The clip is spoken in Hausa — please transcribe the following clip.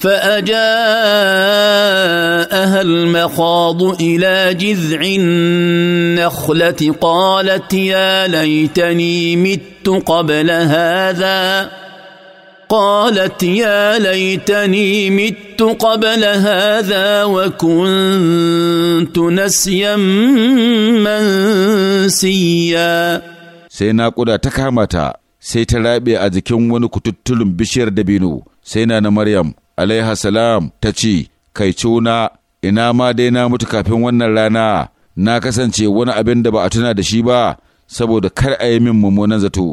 فأجاءها المخاض إلى جذع النخلة قالت يا ليتني مت قبل هذا قالت يا ليتني مت قبل هذا وكنت نسيا منسيا سينا قد تكامتا سيتلابي ta ونكتتلم بشير دبينو سينا مريم alaiha ta ce, Kai cuna, ina ma dai na mutu kafin wannan rana, na kasance wani abin da ba a tuna da shi ba, saboda kar a yi min mummunan zato.